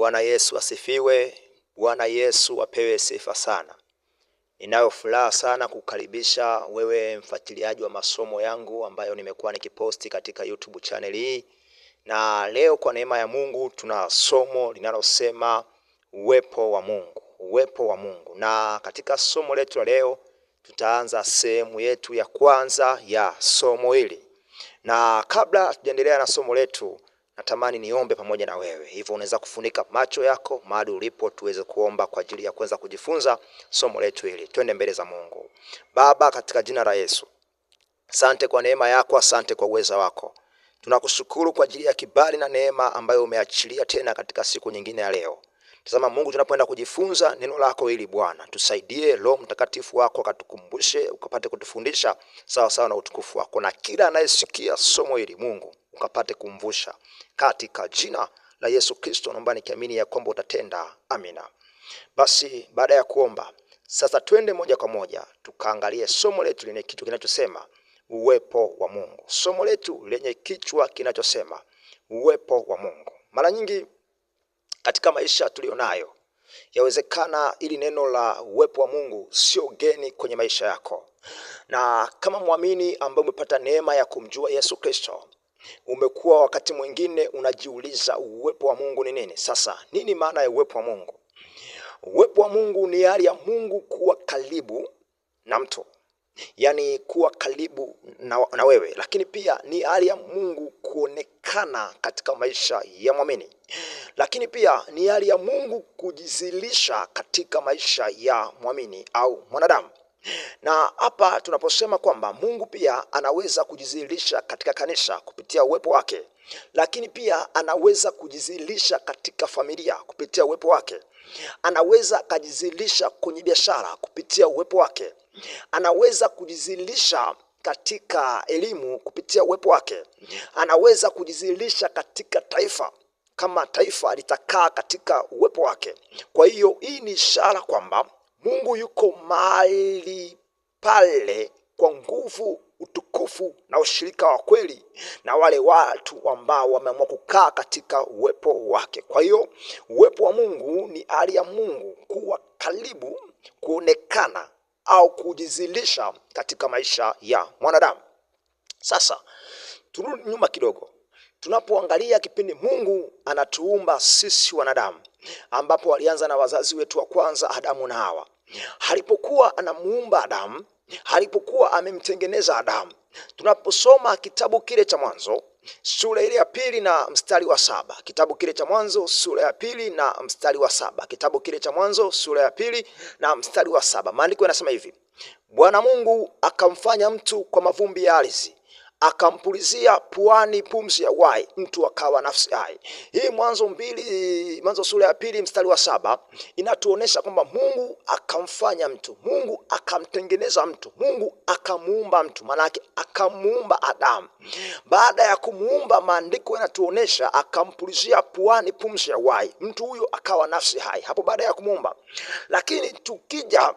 Bwana Yesu asifiwe. Bwana Yesu apewe sifa sana. Ninayo furaha sana kukaribisha wewe mfuatiliaji wa masomo yangu ambayo nimekuwa nikiposti katika YouTube channel hii, na leo kwa neema ya Mungu tuna somo linalosema uwepo wa Mungu, uwepo wa Mungu. Na katika somo letu la leo tutaanza sehemu yetu ya kwanza ya somo hili, na kabla tujaendelea na somo letu natamani niombe pamoja na wewe. Hivyo unaweza kufunika macho yako mahali ulipo, tuweze kuomba kwa ajili ya kuweza kujifunza somo letu hili. Twende mbele za Mungu. Baba, katika jina la Yesu, asante kwa neema yako, asante kwa uweza wako. Tunakushukuru kwa ajili ya kibali na neema ambayo umeachilia tena katika siku nyingine ya leo. Tazama Mungu, tunapoenda kujifunza neno lako ili Bwana tusaidie, Roho Mtakatifu wako akatukumbushe, ukapate kutufundisha sawa sawa na utukufu wako, na kila anayesikia somo hili Mungu ukapate kumvusha, katika jina la Yesu Kristo naomba nikiamini ya kwamba utatenda, amina. Basi baada ya kuomba sasa, twende moja kwa moja tukaangalie somo letu lenye kichwa kinachosema uwepo wa Mungu, somo letu lenye kichwa kinachosema uwepo wa Mungu. Mara nyingi katika maisha tuliyonayo. Yawezekana ili neno la uwepo wa Mungu sio geni kwenye maisha yako, na kama mwamini ambaye umepata neema ya kumjua Yesu Kristo, umekuwa wakati mwingine unajiuliza uwepo wa Mungu ni nini? Sasa nini maana ya uwepo wa Mungu? Uwepo wa Mungu ni hali ya Mungu kuwa karibu na mtu, yaani kuwa karibu na, na wewe, lakini pia ni hali ya Mungu kuonekana katika maisha ya mwamini lakini pia ni hali ya Mungu kujizilisha katika maisha ya mwamini au mwanadamu. Na hapa tunaposema kwamba Mungu pia anaweza kujizilisha katika kanisa kupitia uwepo wake, lakini pia anaweza kujizilisha katika familia kupitia uwepo wake, anaweza akajizilisha kwenye biashara kupitia uwepo wake, anaweza kujizilisha katika elimu kupitia uwepo wake, anaweza kujizilisha katika taifa kama taifa litakaa katika uwepo wake. Kwa hiyo hii ni ishara kwamba Mungu yuko mahali pale kwa nguvu, utukufu na ushirika wa kweli na wale watu ambao wameamua kukaa katika uwepo wake. Kwa hiyo uwepo wa Mungu ni hali ya Mungu kuwa karibu, kuonekana au kujizilisha katika maisha ya mwanadamu. Sasa turudi nyuma kidogo tunapoangalia kipindi Mungu anatuumba sisi wanadamu, ambapo alianza na wazazi wetu wa kwanza Adamu na Hawa. Alipokuwa anamuumba Adamu, alipokuwa amemtengeneza Adamu, tunaposoma kitabu kile cha Mwanzo sura ile ya pili na mstari wa saba kitabu kile cha Mwanzo sura ya pili na mstari wa saba kitabu kile cha Mwanzo sura ya pili na mstari wa saba maandiko yanasema hivi: Bwana Mungu akamfanya mtu kwa mavumbi ya ardhi akampulizia puani pumzi ya uhai, mtu akawa nafsi hai. Hii Mwanzo mbili, Mwanzo sura ya pili mstari wa saba inatuonesha kwamba Mungu akamfanya mtu, Mungu akamtengeneza mtu, Mungu akamuumba mtu, maanake akamuumba Adamu. Baada ya kumuumba, maandiko yanatuonesha akampulizia puani pumzi ya uhai, mtu huyo akawa nafsi hai hapo baada ya kumuumba. Lakini tukija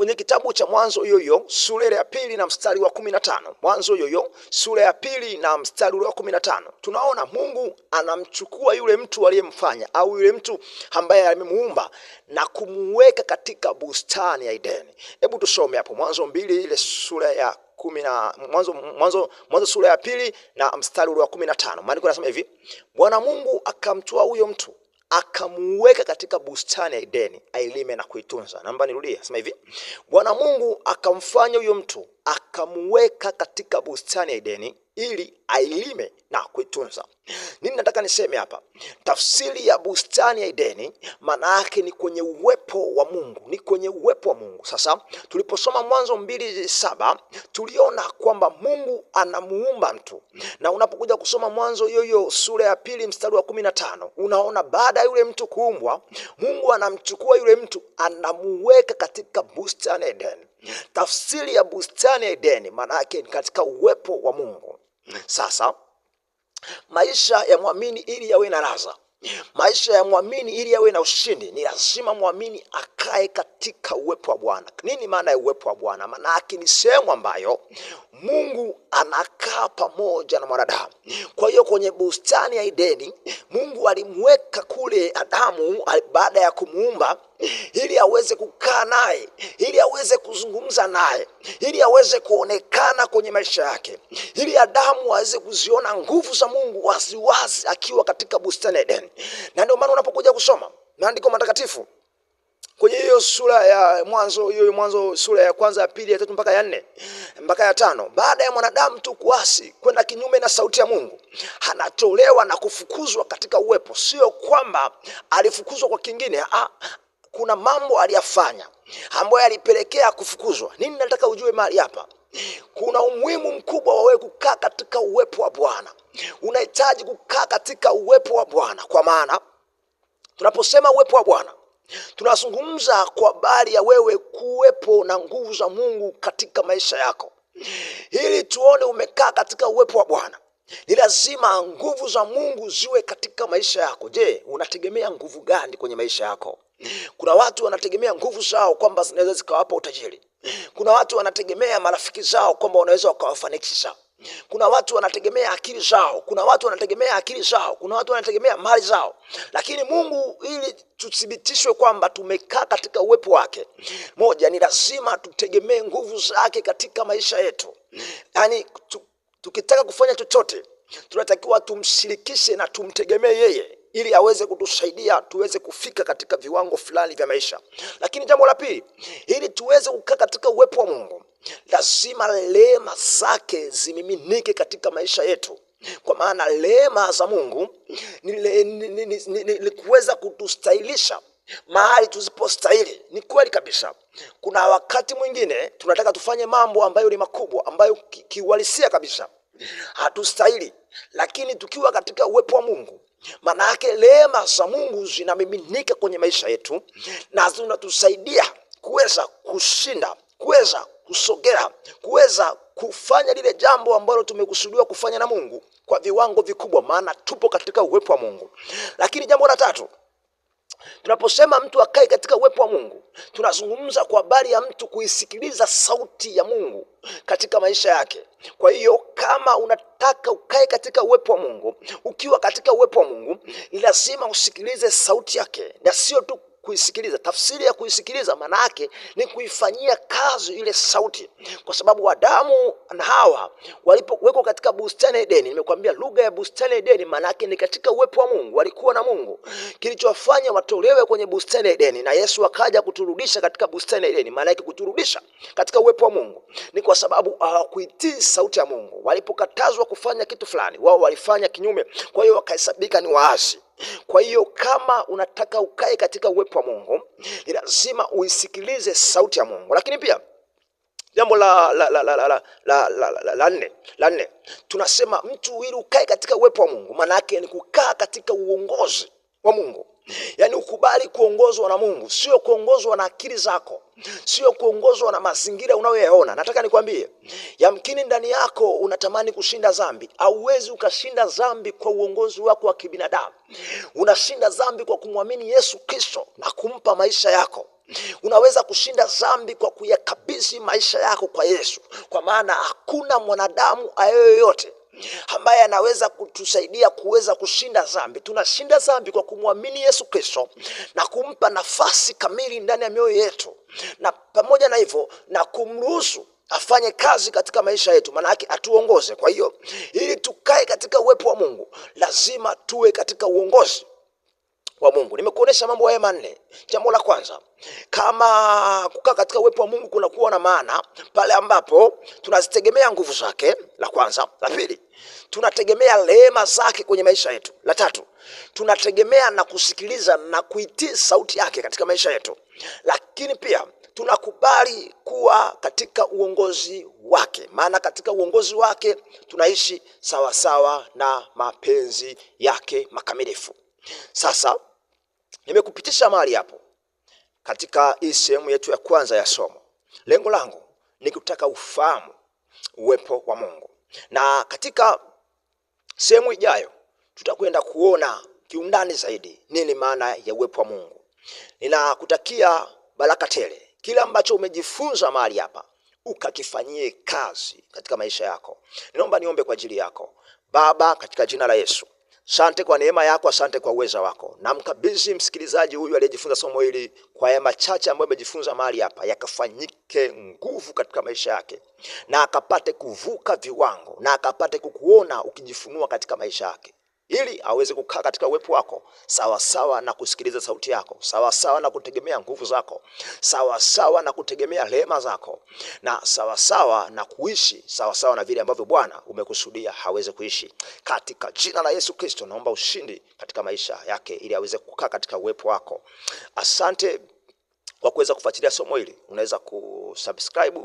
kwenye kitabu cha Mwanzo hiyo hiyo sura ya pili na mstari wa kumi na tano Mwanzo hiyo hiyo sura ya pili na mstari wa kumi na tano tunaona Mungu anamchukua yule mtu aliyemfanya au yule mtu ambaye amemuumba na kumuweka katika bustani ya Edeni. Hebu tusome hapo Mwanzo mbili ile sura ya kumi na mwanzo, mwanzo, mwanzo sura ya pili na mstari wa kumi na tano maandiko yanasema hivi: Bwana Mungu akamtoa huyo mtu akamuweka katika bustani ya Edeni ailime na kuitunza. Naomba nirudia, sema hivi: Bwana Mungu akamfanya huyo mtu akamweka katika bustani ya Edeni ili ailime na kuitunza. Nini nataka niseme hapa? Tafsiri ya bustani ya Edeni maana yake ni kwenye uwepo wa Mungu, ni kwenye uwepo wa Mungu. Sasa tuliposoma Mwanzo mbili saba tuliona kwamba Mungu anamuumba mtu, na unapokuja kusoma Mwanzo yoyo sura ya pili mstari wa kumi na tano unaona baada ya yule mtu kuumbwa, Mungu anamchukua yule mtu anamuweka katika bustani ya Edeni. Tafsiri ya bustani ya Edeni maana yake ni katika uwepo wa Mungu. Sasa maisha ya mwamini ili yawe na raza maisha ya mwamini ili yawe na ushindi, ni lazima mwamini akae katika uwepo wa Bwana. Nini maana ya uwepo wa Bwana? Maana yake ni sehemu ambayo Mungu anakaa pamoja na mwanadamu. Kwa hiyo kwenye bustani ya Edeni Mungu alimweka kule Adamu baada ya kumuumba ili aweze kukaa naye, ili aweze kuzungumza naye, ili aweze kuonekana kwenye maisha yake, ili Adamu aweze kuziona nguvu za Mungu waziwazi akiwa katika bustani ya Na ndio maana unapokuja kusoma maandiko matakatifu kwenye hiyo sura ya Mwanzo, hiyo Mwanzo sura ya kwanza, ya pili, ya tatu mpaka ya nne mpaka ya tano, baada ya mwanadamu tu kuasi kwenda kinyume na sauti ya Mungu, anatolewa na kufukuzwa katika uwepo. Sio kwamba alifukuzwa kwa kingine, ah, kuna mambo aliyafanya ambayo yalipelekea kufukuzwa. Nini nataka ujue mahali hapa, kuna umuhimu mkubwa wa wewe kukaa katika uwepo wa Bwana. Unahitaji kukaa katika uwepo wa Bwana, kwa maana tunaposema uwepo wa Bwana tunazungumza kwa habari ya wewe kuwepo na nguvu za Mungu katika maisha yako. Ili tuone umekaa katika uwepo wa Bwana, ni lazima nguvu za Mungu ziwe katika maisha yako. Je, unategemea nguvu gani kwenye maisha yako? Kuna watu wanategemea nguvu zao kwamba zinaweza zikawapa utajiri. Kuna watu wanategemea marafiki zao kwamba wanaweza wakawafanikisha. Kuna watu wanategemea akili zao, kuna watu wanategemea akili zao, kuna watu wanategemea mali zao. Lakini Mungu, ili tuthibitishwe kwamba tumekaa katika uwepo wake, moja, ni lazima tutegemee nguvu zake katika maisha yetu. Yaani tukitaka kufanya chochote, tunatakiwa tumshirikishe na tumtegemee yeye ili aweze kutusaidia tuweze kufika katika viwango fulani vya maisha. Lakini jambo la pili, ili tuweze kukaa katika uwepo wa Mungu, lazima rehema zake zimiminike katika maisha yetu, kwa maana rehema za Mungu ni, ni, ni, ni, ni, ni kuweza kutustahilisha mahali tusipostahili. Ni kweli kabisa, kuna wakati mwingine tunataka tufanye mambo ambayo ni makubwa, ambayo kiuhalisia kabisa hatustahili, lakini tukiwa katika uwepo wa Mungu maana yake rehema za Mungu zinamiminika kwenye maisha yetu na zinatusaidia kuweza kushinda, kuweza kusogea, kuweza kufanya lile jambo ambalo tumekusudiwa kufanya na Mungu kwa viwango vikubwa, maana tupo katika uwepo wa Mungu. Lakini jambo la tatu Tunaposema mtu akae katika uwepo wa Mungu, tunazungumza kwa habari ya mtu kuisikiliza sauti ya Mungu katika maisha yake. Kwa hiyo kama unataka ukae katika uwepo wa Mungu, ukiwa katika uwepo wa Mungu, ni lazima usikilize sauti yake na sio tu kuisikiliza. Tafsiri ya kuisikiliza maana yake ni kuifanyia kazi ile sauti, kwa sababu Adamu na Hawa walipowekwa katika bustani ya Edeni, nimekwambia lugha ya bustani ya Edeni maana yake ni katika uwepo wa Mungu, walikuwa na Mungu. Kilichowafanya watolewe kwenye bustani ya Edeni na Yesu akaja kuturudisha katika bustani ya Edeni, maana yake kuturudisha katika uwepo wa Mungu ni kwa sababu hawakuitii uh, sauti ya Mungu. Walipokatazwa kufanya kitu fulani, wao walifanya kinyume, kwa hiyo wakahesabika ni waasi. Kwa hiyo kama unataka ukae katika uwepo wa Mungu, ni lazima uisikilize sauti ya Mungu. Lakini pia jambo la la la la la la la la la nne la nne tunasema mtu ili ukae katika uwepo wa Mungu, maana yake ni kukaa katika uongozi wa Mungu. Yaani ukubali kuongozwa na Mungu, sio kuongozwa na akili zako, sio kuongozwa na mazingira unayoyaona. Nataka nikwambie, yamkini ndani yako unatamani kushinda dhambi. Hauwezi ukashinda dhambi kwa uongozi wako wa kibinadamu. Unashinda dhambi kwa kumwamini Yesu Kristo na kumpa maisha yako. Unaweza kushinda dhambi kwa kuyakabidhi maisha yako kwa Yesu, kwa maana hakuna mwanadamu ayoyote ambaye anaweza kutusaidia kuweza kushinda dhambi. Tunashinda dhambi kwa kumwamini Yesu Kristo na kumpa nafasi kamili ndani ya mioyo yetu, na pamoja na hivyo na kumruhusu afanye kazi katika maisha yetu, maana yake atuongoze. Kwa hiyo ili tukae katika uwepo wa Mungu lazima tuwe katika uongozi wa Mungu. Nimekuonesha mambo haya manne. Jambo la kwanza, kama kukaa katika uwepo wa Mungu kunakuwa na maana pale ambapo tunazitegemea nguvu zake, la kwanza. La pili, tunategemea rehema zake kwenye maisha yetu. La tatu, tunategemea na kusikiliza na kuitii sauti yake katika maisha yetu, lakini pia tunakubali kuwa katika uongozi wake, maana katika uongozi wake tunaishi sawasawa na mapenzi yake makamilifu. Sasa Nimekupitisha mahali hapo katika hii sehemu yetu ya kwanza ya somo. Lengo langu ni kutaka ufahamu uwepo wa Mungu, na katika sehemu ijayo tutakwenda kuona kiundani zaidi nini maana ya uwepo wa Mungu. Ninakutakia baraka tele, kila ambacho umejifunza mahali hapa ukakifanyie kazi katika maisha yako. Ninaomba niombe kwa ajili yako. Baba, katika jina la Yesu Sante kwa neema yako, asante kwa uweza wako. Namkabidhi msikilizaji huyu aliyejifunza somo hili kwa ya machache ambayo amejifunza mahali hapa, yakafanyike nguvu katika maisha yake, na akapate kuvuka viwango, na akapate kukuona ukijifunua katika maisha yake ili aweze kukaa katika uwepo wako sawa sawa na kusikiliza sauti yako sawasawa sawa na kutegemea nguvu zako sawa sawa na kutegemea rehema zako na sawasawa sawa na kuishi sawasawa na vile ambavyo Bwana umekusudia haweze kuishi. Katika jina la Yesu Kristo naomba ushindi katika maisha yake ili aweze kukaa katika uwepo wako. Asante kwa kuweza kufuatilia somo hili. Unaweza kusubscribe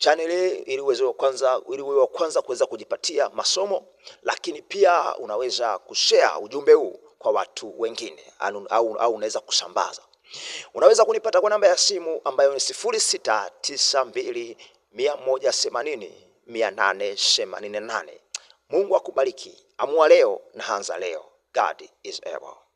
channel ili uweze wa kwanza ili uwe wa kwanza kuweza kujipatia masomo, lakini pia unaweza kushare ujumbe huu kwa watu wengine au, au, au unaweza kusambaza. Unaweza kunipata kwa namba ya simu ambayo ni sifuri sita tisa mbili mia moja themanini mia nane themanini na nane. Mungu akubariki. Amua leo na anza leo. God is able.